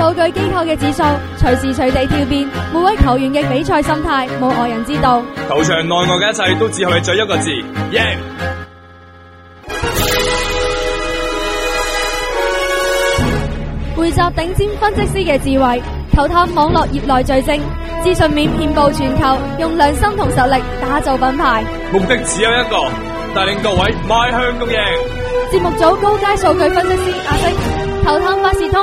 數據機構嘅指數隨時隨地跳變，每位球員嘅比賽心態冇外人知道。球場內外嘅一切都只可以一個字：贏。匯集頂尖分析師嘅智慧，球探網絡業內最精，資訊面遍布全球，用良心同實力打造品牌。目的只有一個，帶領各位邁向共贏。節目組高階數據分析師阿星，球探萬事通。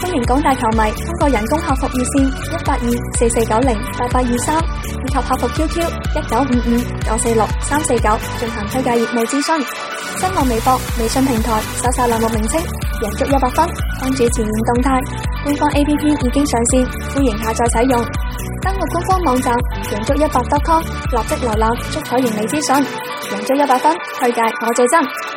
歡迎廣大球迷通過人工客服熱線一八二四四九零八八二三以及客服 QQ 一九五五九四六三四九進行推介業務諮詢。新浪微博、微信平台搜索欄目名稱贏足一百分，關注前沿動態。官方 APP 已經上線，歡迎下載使用。登錄官方網站贏足一百 .com，立即瀏覽足彩盈利資訊。贏足一百分，推介我最真。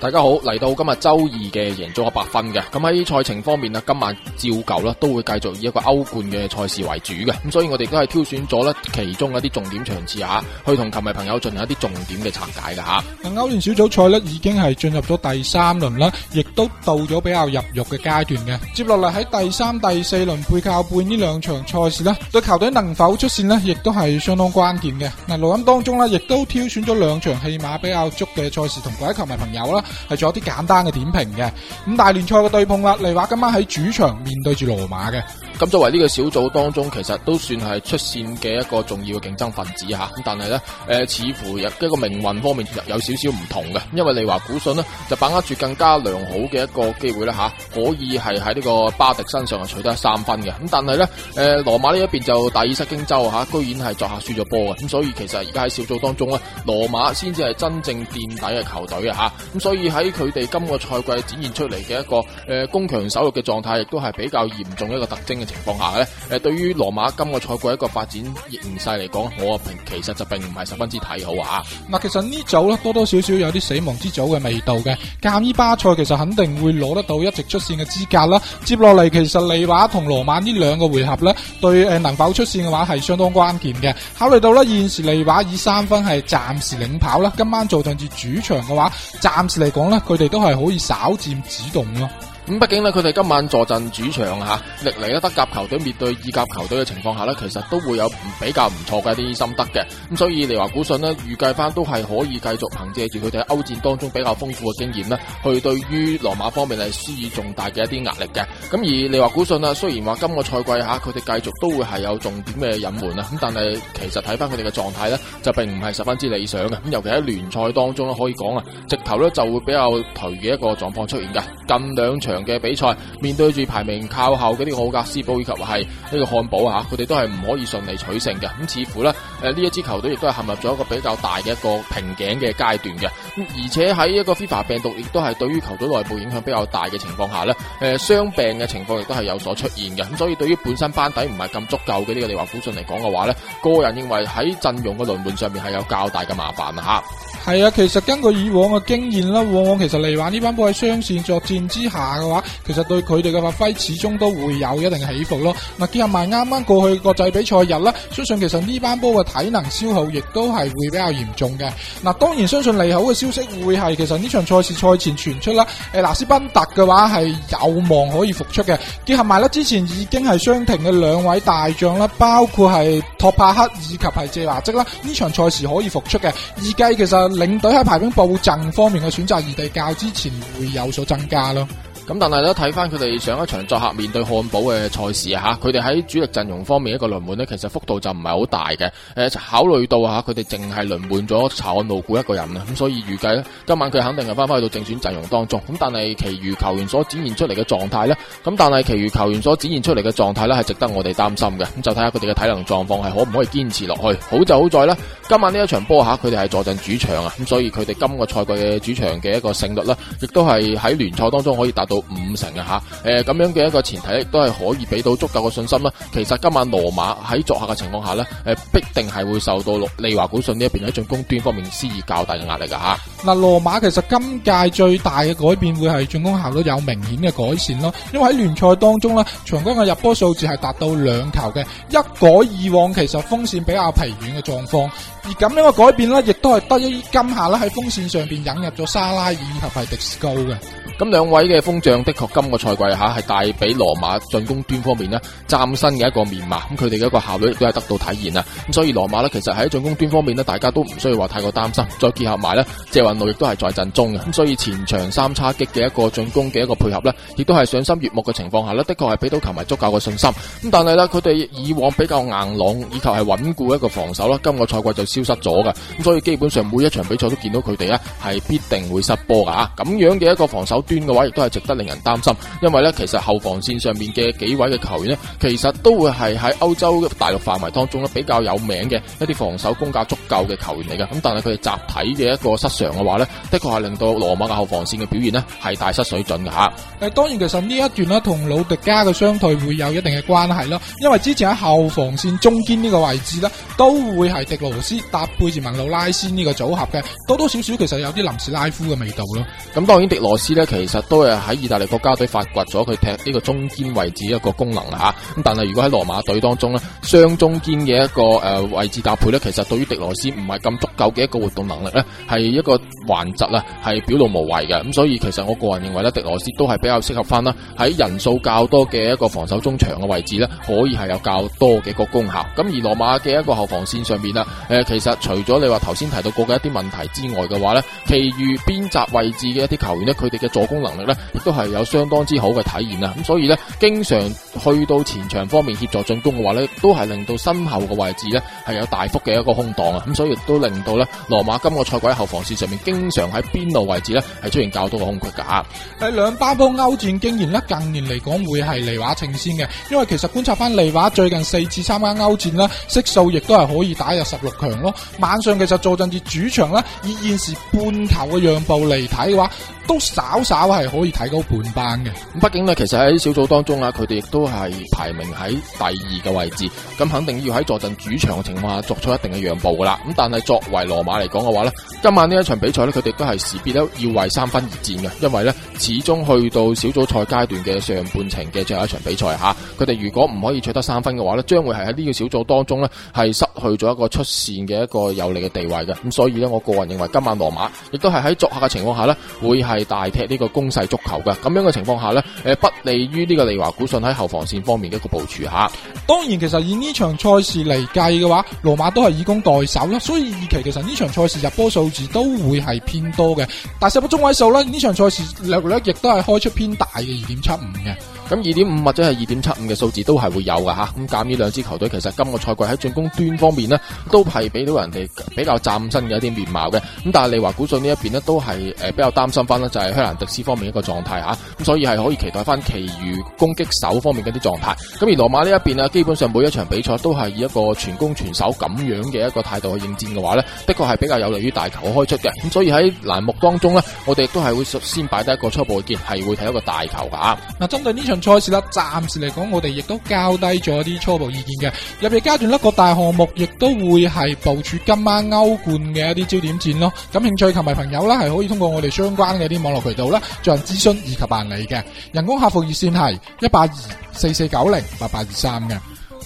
大家好，嚟到今日周二嘅贏足 100FUN 嘅，咁喺賽程方面啊，今晚照舊啦，都會繼續以一個歐冠嘅賽事為主嘅，咁所以我哋都係挑選咗咧其中一啲重點場次啊，去同球迷朋友進行一啲重點嘅拆解嘅吓。嗱，歐聯小組賽咧已經係進入咗第三輪啦，亦都到咗比較入肉嘅階段嘅，接落嚟喺第三、第四輪背靠背呢兩場賽事咧，對球隊能否出線咧，亦都係相當關鍵嘅。嗱，錄音當中咧，亦都挑選咗兩場戲碼比較足嘅賽事同各位球迷朋友啦。係做啲簡單嘅點評嘅，五大聯賽嘅對碰啦，例如今晚喺主場面對住羅馬嘅。咁作為呢個小組當中，其實都算係出線嘅一個重要嘅競爭分子吓。咁但係咧，誒、呃，似乎有一個命運方面有少少唔同嘅，因為利華古信呢，就把握住更加良好嘅一個機會呢，吓、啊，可以係喺呢個巴迪身上取得三分嘅。咁但係咧，誒、呃，羅馬呢一邊就大意失荊州吓、啊，居然係作客輸咗波嘅。咁、啊、所以其實而家喺小組當中咧，羅馬先至係真正墊底嘅球隊啊吓。咁所以喺佢哋今個賽季展現出嚟嘅一個誒、呃、攻強守弱嘅狀態，亦都係比較嚴重一個特徵嘅。情況下咧，誒，對於羅馬今個賽季一個發展形勢嚟講，我平其實就並唔係十分之睇好啊。嗱，其實呢組咧多多少少有啲死亡之組嘅味道嘅。鑒於巴塞其實肯定會攞得到一直出線嘅資格啦，接落嚟其實利華同羅馬呢兩個回合咧，對誒能否出線嘅話係相當關鍵嘅。考慮到咧現時利華以三分係暫時領跑啦，今晚做甚至主場嘅話，暫時嚟講咧佢哋都係可以稍佔主動咯。咁畢竟呢，佢哋今晚坐鎮主場啊，歷嚟咧德甲球隊面對意甲球隊嘅情況下呢，其實都會有比較唔錯嘅一啲心得嘅。咁所以利華古信呢預計翻都係可以繼續憑借住佢哋喺歐戰當中比較豐富嘅經驗呢去對於羅馬方面係施以重大嘅一啲壓力嘅。咁而利華古信啊，雖然話今個賽季吓佢哋繼續都會係有重點嘅隱瞞啊，咁但係其實睇翻佢哋嘅狀態呢，就並唔係十分之理想嘅。咁尤其喺聯賽當中咧，可以講啊，直頭咧就會比較頹嘅一個狀況出現嘅。近兩場嘅比賽面對住排名靠後嘅呢個奧格斯堡以及係呢個漢堡啊，佢哋都係唔可以順利取勝嘅。咁似乎咧，誒、呃、呢一支球隊亦都係陷入咗一個比較大嘅一個瓶頸嘅階段嘅。而且喺一個 FIFA 病毒亦都係對於球隊內部影響比較大嘅情況下呢誒傷病嘅情況亦都係有所出現嘅。咁所以對於本身班底唔係咁足夠嘅呢個利華古遜嚟講嘅話呢個人認為喺陣容嘅輪換上面係有較大嘅麻煩吓。係啊，其實根據以往嘅經驗啦，往往其實嚟話呢班波喺雙線作戰之下嘅話，其實對佢哋嘅發揮始終都會有一定起伏咯。嗱、啊，結合埋啱啱過去國際比賽日啦，相信其實呢班波嘅體能消耗亦都係會比較嚴重嘅。嗱、啊，當然相信利好嘅消息會係其實呢場賽事賽前傳出啦。誒、呃，斯賓特嘅話係有望可以復出嘅。結合埋呢之前已經係傷停嘅兩位大將啦，包括係托帕克以及係謝華積啦，呢場賽事可以復出嘅。而既其實。領隊喺排兵布陣方面嘅選擇，而地較之前會有所增加咯。咁但係咧睇翻，佢哋上一場作客面對漢堡嘅賽事吓，佢哋喺主力陣容方面一個輪換呢，其實幅度就唔係好大嘅。誒，考慮到吓佢哋淨係輪換咗查安路古一個人啊，咁所以預計咧今晚佢肯定係翻翻去到正選陣容當中。咁但係其餘球員所展現出嚟嘅狀態呢，咁但係其餘球員所展現出嚟嘅狀態呢，係值得我哋擔心嘅。咁就睇下佢哋嘅體能狀況係可唔可以堅持落去。好就好在呢，今晚呢一場波下，佢哋係坐鎮主場啊，咁所以佢哋今個賽季嘅主場嘅一個勝率呢，亦都係喺聯賽當中可以達到。五成嘅吓，誒咁樣嘅一個前提亦都係可以俾到足夠嘅信心啦。其實今晚羅馬喺作客嘅情況下呢，誒必定係會受到利華古信呢一邊喺進攻端方面施以較大嘅壓力噶吓。嗱，羅馬其實今屆最大嘅改變會係進攻效率有明顯嘅改善咯，因為喺聯賽當中呢，場均嘅入波數字係達到兩球嘅，一改以往其實鋒線比較疲軟嘅狀況。而咁樣嘅改變呢，亦都係得益於今夏呢，喺鋒線上邊引入咗沙拉爾以及係迪斯高嘅。咁兩位嘅鋒將，的確今個賽季吓係帶俾羅馬進攻端方面呢，嶄新嘅一個面貌。咁佢哋嘅一個效率亦都係得到體現啊。咁所以羅馬呢，其實喺進攻端方面呢，大家都唔需要話太過擔心。再結合埋呢，謝運路亦都係在陣中嘅。咁所以前場三叉戟嘅一個進攻嘅一個配合呢，亦都係賞心悅目嘅情況下呢，的確係俾到球迷足夠嘅信心。咁但係呢，佢哋以往比較硬朗以及係穩固一個防守啦，今個賽季就消失咗噶，咁所以基本上每一場比賽都見到佢哋咧，係必定會失波噶吓。咁樣嘅一個防守端嘅話，亦都係值得令人擔心，因為咧，其實後防線上面嘅幾位嘅球員呢，其實都會係喺歐洲大陸範圍當中咧，比較有名嘅一啲防守功架足夠嘅球員嚟嘅。咁但係佢哋集體嘅一個失常嘅話咧，的確係令到羅馬嘅後防線嘅表現呢係大失水準嘅吓。誒，當然其實呢一段呢，同老迪加嘅傷退會有一定嘅關係咯，因為之前喺後防線中堅呢個位置呢，都會係迪羅斯。搭配住曼諾拉斯呢個組合嘅，多多少少其實有啲臨時拉夫嘅味道咯。咁當然迪羅斯咧，其實都係喺意大利國家隊發掘咗佢踢呢個中堅位置一個功能啦吓。咁、啊、但係如果喺羅馬隊當中咧，雙中堅嘅一個誒、呃、位置搭配咧，其實對於迪羅斯唔係咁足夠嘅一個活動能力咧，係一個頑疾啊，係表露無遺嘅。咁、啊、所以其實我個人認為咧，迪羅斯都係比較適合翻啦喺人數較多嘅一個防守中場嘅位置咧，可以係有較多嘅一個功效。咁而羅馬嘅一個後防線上面啦，誒、呃。其實除咗你話頭先提到過嘅一啲問題之外嘅話呢，其餘邊閘位置嘅一啲球員呢，佢哋嘅助攻能力呢亦都係有相當之好嘅體現啊！咁、嗯、所以呢，經常去到前場方面協助進攻嘅話呢，都係令到身後嘅位置呢係有大幅嘅一個空檔啊！咁、嗯、所以亦都令到呢，羅馬今個賽季喺後防線上面經常喺邊路位置呢係出現較多嘅空缺噶吓。喺兩波歐戰經驗呢，近年嚟講會係利華稱先嘅，因為其實觀察翻利華最近四次參加歐戰咧，悉數亦都係可以打入十六強。晚上其實坐陣至主場啦，以現時半球嘅讓步嚟睇嘅話，都稍稍係可以睇到半班嘅。咁畢竟呢，其實喺小組當中啦，佢哋亦都係排名喺第二嘅位置。咁肯定要喺坐陣主場嘅情況下，作出一定嘅讓步噶啦。咁但係作為羅馬嚟講嘅話呢，今晚呢一場比賽咧，佢哋都係勢必咧要為三分而戰嘅。因為呢，始終去到小組賽階段嘅上半程嘅最後一場比賽吓，啊，佢哋如果唔可以取得三分嘅話呢，將會係喺呢個小組當中呢，係失去咗一個出線。嘅一個有利嘅地位嘅，咁所以呢，我個人認為今晚羅馬亦都係喺作客嘅情況下呢，會係大踢呢個攻勢足球嘅。咁樣嘅情況下呢，誒、呃、不利於呢個利華古遜喺後防線方面嘅一個部署吓。當然，其實以呢場賽事嚟計嘅話，羅馬都係以攻代守啦，所以預期其實呢場賽事入波數字都會係偏多嘅。但係一個中位數呢，呢場賽事略略亦都係開出偏大嘅二點七五嘅。咁二點五或者係二點七五嘅數字都係會有噶吓，咁減呢兩支球隊其實今個賽季喺進攻端方面咧，都係俾到人哋比較嶄新嘅一啲面貌嘅，咁但係利華古遜呢一邊咧都係誒、呃、比較擔心翻，咧就係香蘭迪斯方面一個狀態吓。啊咁所以係可以期待翻其餘攻擊手方面嘅啲狀態。咁而羅馬呢一邊啊，基本上每一場比賽都係以一個全攻全守咁樣嘅一個態度去應戰嘅話咧，的確係比較有利於大球開出嘅。咁所以喺欄目當中咧，我哋都係會率先擺低一個初步嘅見，係會睇一個大球噶。嗱，針對呢場賽事啦，暫時嚟講，我哋亦都交低咗一啲初步意見嘅。入夜階段一個大項目，亦都會係部署今晚歐冠嘅一啲焦點戰咯。感興趣球迷朋友啦，係可以通過我哋相關嘅啲網絡渠道啦，進行諮詢以及辦。嚟嘅人工客服熱線係一八二四四九零八八二三嘅。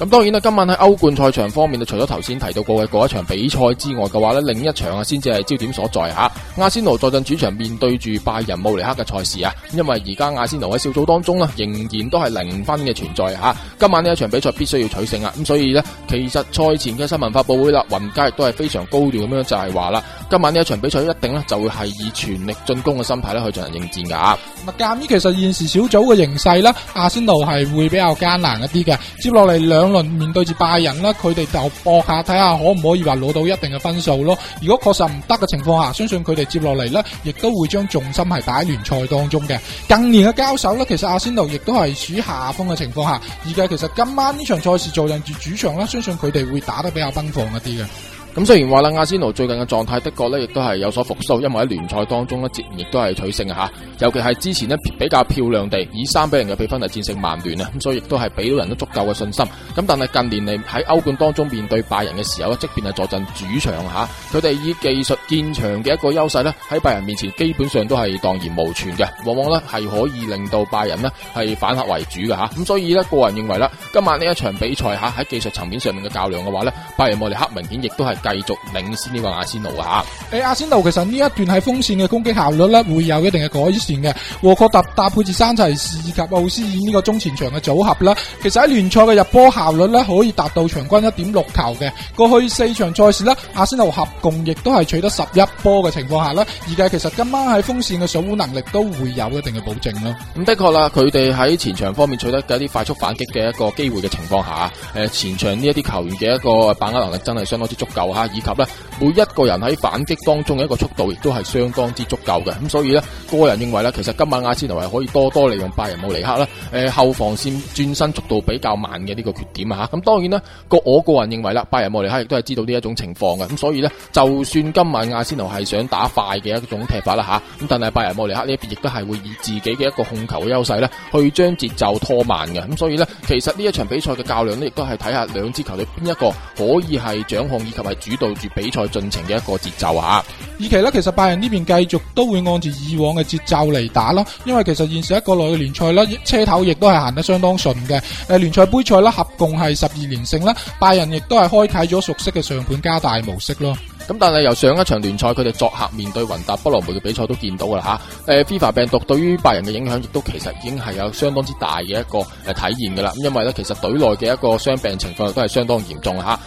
咁當然啦，今晚喺歐冠賽場方面，除咗頭先提到過嘅嗰一場比賽之外嘅話呢，另一場啊先至係焦點所在嚇。阿仙奴坐陣主場面對住拜仁慕尼黑嘅賽事啊，因為而家阿仙奴喺小組當中仍然都係零分嘅存在嚇。今晚呢一場比賽必須要取勝啊，咁所以呢，其實賽前嘅新聞發布會啦，雲加亦都係非常高調咁樣就係話啦，今晚呢一場比賽一定呢就會係以全力進攻嘅心態咧去進行應戰㗎。咁啊，鑑於其實現時小組嘅形勢咧，阿仙奴係會比較艱難一啲嘅，接落嚟兩無論面對住拜仁啦，佢哋就搏下睇下可唔可以話攞到一定嘅分數咯。如果確實唔得嘅情況下，相信佢哋接落嚟呢，亦都會將重心係擺喺聯賽當中嘅。近年嘅交手呢，其實阿仙奴亦都係處於下風嘅情況下，而家其實今晚呢場賽事做緊住主場啦，相信佢哋會打得比較奔放一啲嘅。咁雖然話啦，阿仙奴最近嘅狀態的確咧，亦都係有所復甦，因為喺聯賽當中咧，亦都係取勝吓。尤其係之前呢，比較漂亮地以三比零嘅比分嚟戰勝曼聯啊，咁所以亦都係俾到人都足夠嘅信心。咁但係近年嚟喺歐冠當中面對拜仁嘅時候咧，即便係坐陣主場吓，佢哋以技術見長嘅一個優勢咧，喺拜仁面前基本上都係蕩然無存嘅，往往咧係可以令到拜仁呢係反客為主嘅吓。咁所以呢，個人認為啦，今晚呢一場比賽吓喺技術層面上面嘅較量嘅話咧，拜仁慕尼黑明顯亦都係。繼續領先呢個阿仙奴啊！誒、欸，阿仙奴其實呢一段喺鋒線嘅攻擊效率咧，會有一定嘅改善嘅。禾確特搭配住山齊士及奧斯爾呢個中前場嘅組合啦，其實喺聯賽嘅入波效率咧，可以達到場均一點六球嘅。過去四場賽事咧，阿仙奴合共亦都係取得十一波嘅情況下啦，而家其實今晚喺鋒線嘅上烏能力都會有一定嘅保證啦。咁的確啦，佢哋喺前場方面取得嘅一啲快速反擊嘅一個機會嘅情況下，誒、呃，前場呢一啲球員嘅一個把握能力真係相當之足夠。以及咧，每一個人喺反擊當中嘅一個速度，亦都係相當之足夠嘅。咁所以呢，個人認為呢，其實今晚阿仙奴係可以多多利用拜仁慕尼黑啦。誒，後防線轉身速度比較慢嘅呢個缺點吓。咁當然啦，個我個人認為啦，拜仁慕尼黑亦都係知道呢一種情況嘅。咁所以呢，就算今晚阿仙奴係想打快嘅一種踢法啦，吓，咁但係拜仁慕尼黑呢一邊亦都係會以自己嘅一個控球嘅優勢咧，去將節奏拖慢嘅。咁所以呢，其實呢一場比賽嘅較量呢，亦都係睇下兩支球隊邊一個可以係掌控以及係。主導住比賽進程嘅一個節奏啊！二期咧，其實拜仁呢邊繼續都會按照以往嘅節奏嚟打咯，因為其實現時喺國內嘅聯賽咧，車頭亦都係行得相當順嘅。誒、呃，聯賽杯賽咧合共係十二連勝啦，拜仁亦都係開啟咗熟悉嘅上盤加大模式咯。咁但係由上一場聯賽，佢哋作客面對雲達不萊梅嘅比賽都見到噶啦吓。誒、啊、FIFA 病毒對於拜仁嘅影響亦都其實已經係有相當之大嘅一個誒體驗噶啦。咁因為咧，其實隊內嘅一個傷病情況都係相當嚴重吓、啊。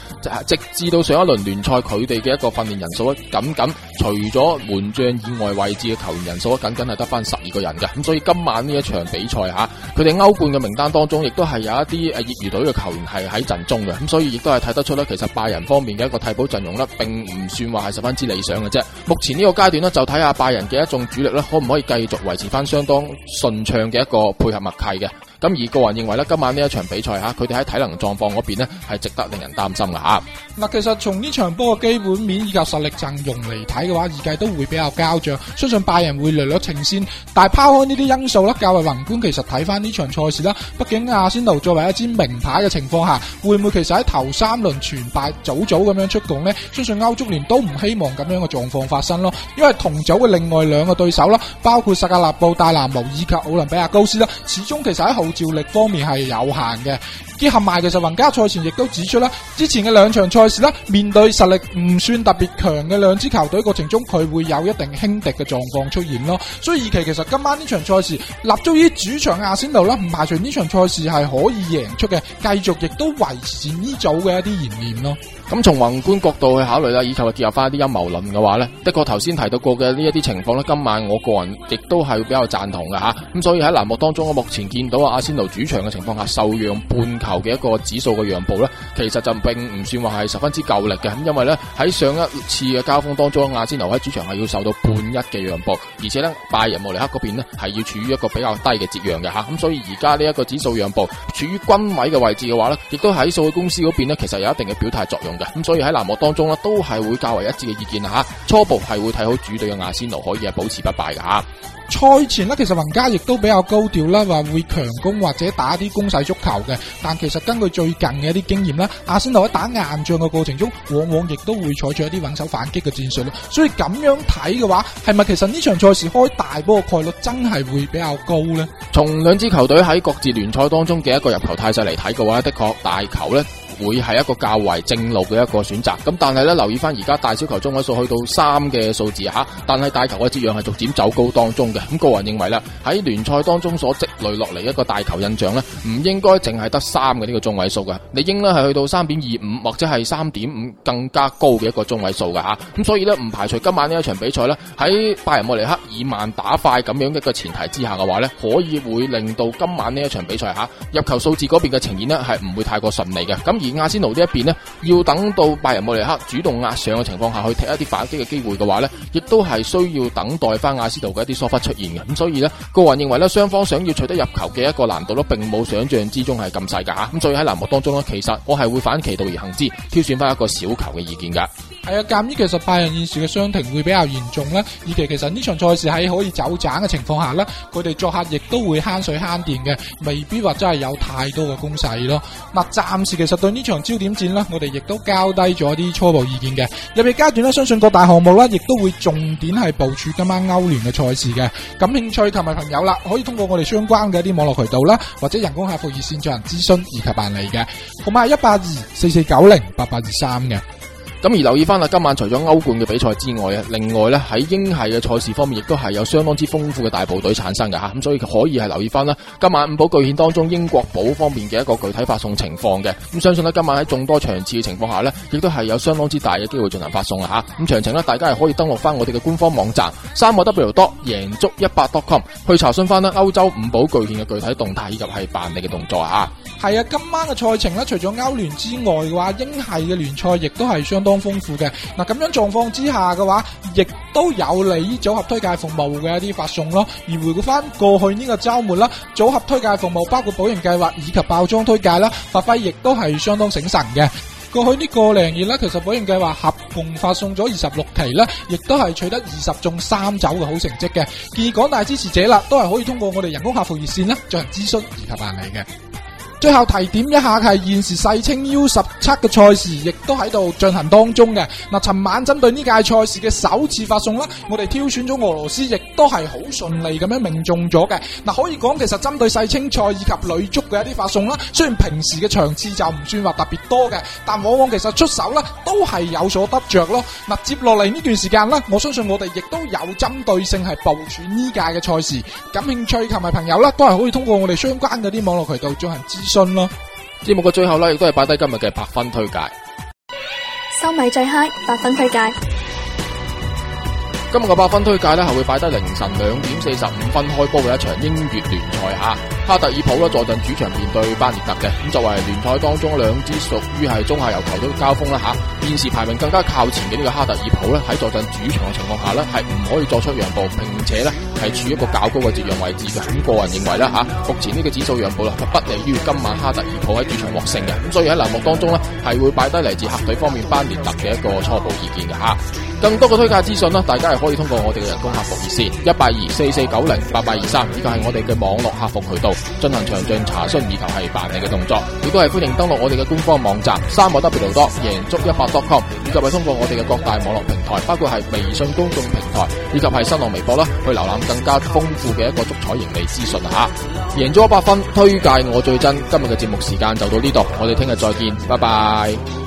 直至到上一輪聯賽，佢哋嘅一個訓練人數啊，僅僅除咗門將以外位置嘅球員人數啊，僅僅係得翻十二個人嘅。咁所以今晚呢一場比賽吓，佢哋歐冠嘅名單當中，亦都係有一啲誒業餘隊嘅球員係喺陣中嘅。咁所以亦都係睇得出咧，其實拜仁方面嘅一個替補陣容咧，並唔唔算話係十分之理想嘅啫，目前呢個階段咧，就睇下拜仁嘅一眾主力咧，可唔可以繼續維持翻相當順暢嘅一個配合默契嘅。咁而個人認為咧，今晚呢一場比賽嚇，佢哋喺體能狀況嗰邊咧，係值得令人擔心噶嚇。嗱，其實從呢場波嘅基本面以及實力陣容嚟睇嘅話，預計都會比較膠著。相信拜仁會略略領先，但係拋開呢啲因素啦，較為宏觀，其實睇翻呢場賽事啦，畢竟阿仙奴作為一支名牌嘅情況下，會唔會其實喺頭三輪全敗，早早咁樣出局呢？相信歐足聯都唔希望咁樣嘅狀況發生咯，因為同組嘅另外兩個對手啦，包括薩格勒布、戴拿模以及奧林比亞高斯啦，始終其實喺後。照力方面係有限嘅。結合埋其實雲家賽前亦都指出啦，之前嘅兩場賽事啦，面對實力唔算特別強嘅兩支球隊過程中，佢會有一定輕敵嘅狀況出現咯。所以而期其實今晚呢場賽事立足於主場阿仙奴啦，唔排除呢場賽事係可以贏出嘅，繼續亦都維持呢組嘅一啲懸念咯。咁從宏觀角度去考慮啦，以及嚟結合翻一啲陰謀論嘅話呢。的確頭先提到過嘅呢一啲情況咧，今晚我個人亦都係比較贊同嘅吓。咁、啊、所以喺欄目當中，我目前見到阿仙奴主場嘅情況下受讓半。球嘅一個指數嘅讓步呢，其實就並唔算話係十分之夠力嘅，咁因為呢，喺上一次嘅交鋒當中，阿仙奴喺主場係要受到半一嘅讓步，而且呢，拜仁慕尼黑嗰邊呢係要處於一個比較低嘅折讓嘅吓，咁所以而家呢一個指數讓步處於均位嘅位置嘅話呢，亦都喺數據公司嗰邊呢其實有一定嘅表態作用嘅，咁所以喺籃幕當中呢，都係會較為一致嘅意見吓，初步係會睇好主隊嘅阿仙奴可以係保持不敗嘅吓。賽前咧，其實雲加亦都比較高調啦，話會強攻或者打啲攻勢足球嘅。但其實根據最近嘅一啲經驗啦，阿仙奴喺打硬仗嘅過程中，往往亦都會採取一啲穩守反擊嘅戰術咯。所以咁樣睇嘅話，係咪其實呢場賽事開大波嘅概率真係會比較高呢？從兩支球隊喺各自聯賽當中嘅一個入球態勢嚟睇嘅話，的確大球呢。會係一個較為正路嘅一個選擇，咁但係呢，留意翻而家大小球中位數去到三嘅數字吓，但係大球嘅折讓係逐漸走高當中嘅，咁個人認為啦，喺聯賽當中所積累落嚟一個大球印象呢，唔應該淨係得三嘅呢個中位數噶，你應該係去到三點二五或者係三點五更加高嘅一個中位數嘅吓，咁、啊、所以呢，唔排除今晚呢一場比賽呢，喺拜仁慕尼黑以慢打快咁樣嘅一個前提之下嘅話呢，可以會令到今晚呢一場比賽吓、啊、入球數字嗰邊嘅呈現呢，係唔會太過順利嘅，咁、啊。而阿仙奴一邊呢一邊呢，要等到拜仁慕尼黑主動壓上嘅情況下，去踢一啲反擊嘅機會嘅話呢，亦都係需要等待翻阿仙奴嘅一啲疏忽出現嘅。咁所以呢，個人認為呢，雙方想要取得入球嘅一個難度呢，並冇想象之中係咁細噶吓。咁所以喺欄目當中呢，其實我係會反其道而行之，挑選翻一個小球嘅意見噶。係啊，鑒於、哎、其實拜仁現時嘅傷停會比較嚴重啦。以及其實呢場賽事喺可以走盞嘅情況下呢，佢哋作客亦都會慳水慳電嘅，未必話真係有太多嘅攻勢咯。嗱，暫時其實對呢場焦點戰呢，我哋亦都交低咗啲初步意見嘅。入面階段呢，相信各大項目呢，亦都會重點係部署今晚歐聯嘅賽事嘅。感興趣同埋朋友啦，可以通過我哋相關嘅一啲網絡渠道啦，或者人工客服熱線進行諮詢以及辦理嘅，同埋一八二四四九零八八二三嘅。咁而留意翻啦，今晚除咗歐冠嘅比賽之外啊，另外咧喺英系嘅賽事方面，亦都係有相當之豐富嘅大部隊產生嘅吓，咁所以可以係留意翻啦。今晚五寶巨獻當中，英國寶方面嘅一個具體發送情況嘅，咁相信呢，今晚喺眾多場次嘅情況下呢，亦都係有相當之大嘅機會進行發送啊吓。咁詳情呢，大家係可以登錄翻我哋嘅官方網站三個 w 多贏足一百 .com 去查詢翻呢，歐洲五寶巨獻嘅具體動態以及係辦理嘅動作啊。係啊，今晚嘅賽程呢，除咗歐聯之外嘅話，英系嘅聯賽亦都係相當。豐富嘅嗱，咁樣狀況之下嘅話，亦都有利於組合推介服務嘅一啲發送咯。而回顧翻過去呢個周末啦，組合推介服務包括保盈計劃以及爆裝推介啦，發揮亦都係相當醒神嘅。過去呢個零月咧，其實保盈計劃合共發送咗二十六期咧，亦都係取得二十中三走嘅好成績嘅。建議廣大支持者啦，都係可以通過我哋人工客服熱線咧進行諮詢以及辦理嘅。最後提點一下，係現時世青 U 十七嘅賽事亦都喺度進行當中嘅。嗱，尋晚針對呢屆賽事嘅首次發送啦，我哋挑選咗俄羅斯，亦都係好順利咁樣命中咗嘅。嗱，可以講其實針對世青賽以及女足嘅一啲發送啦，雖然平時嘅場次就唔算話特別多嘅，但往往其實出手啦都係有所得着咯。嗱，接落嚟呢段時間啦，我相信我哋亦都有針對性係部署呢屆嘅賽事，感興趣及埋朋友啦，都係可以通過我哋相關嘅啲網絡渠道進行諮詢。咯節目嘅最後咧，亦都係擺低今日嘅百分推介，收米最 high 百分推介。今日嘅百分推介咧，係會擺低凌晨兩點四十五分開波嘅一場英乙聯賽吓。哈特爾普啦，坐鎮主場面對班列特嘅，咁作為聯賽當中兩支屬於係中下游球隊交鋒啦吓，現時排名更加靠前嘅呢個哈特爾普咧，喺坐鎮主場嘅情況下咧，係唔可以作出讓步，並且咧係處於一個較高嘅折讓位置嘅。咁個人認為啦吓，目前呢個指數讓步啦，係不利於今晚哈特爾普喺主場獲勝嘅。咁所以喺欄目當中咧，係會擺低嚟自客隊方面班列特嘅一個初步意見嘅吓。更多嘅推介資訊咧，大家係可以通過我哋嘅人工客服熱線一八二四四九零八八二三，依個係我哋嘅網絡客服渠道。進行詳盡查詢以及係辦理嘅動作，亦都係歡迎登錄我哋嘅官方網站三個 W 多贏足一百 dotcom，以及係通過我哋嘅各大網絡平台，包括係微信公眾平台以及係新浪微博啦，去瀏覽更加豐富嘅一個足彩盈利資訊下。贏足 100FUN，推介我最真。今日嘅節目時間就到呢度，我哋聽日再見，拜拜。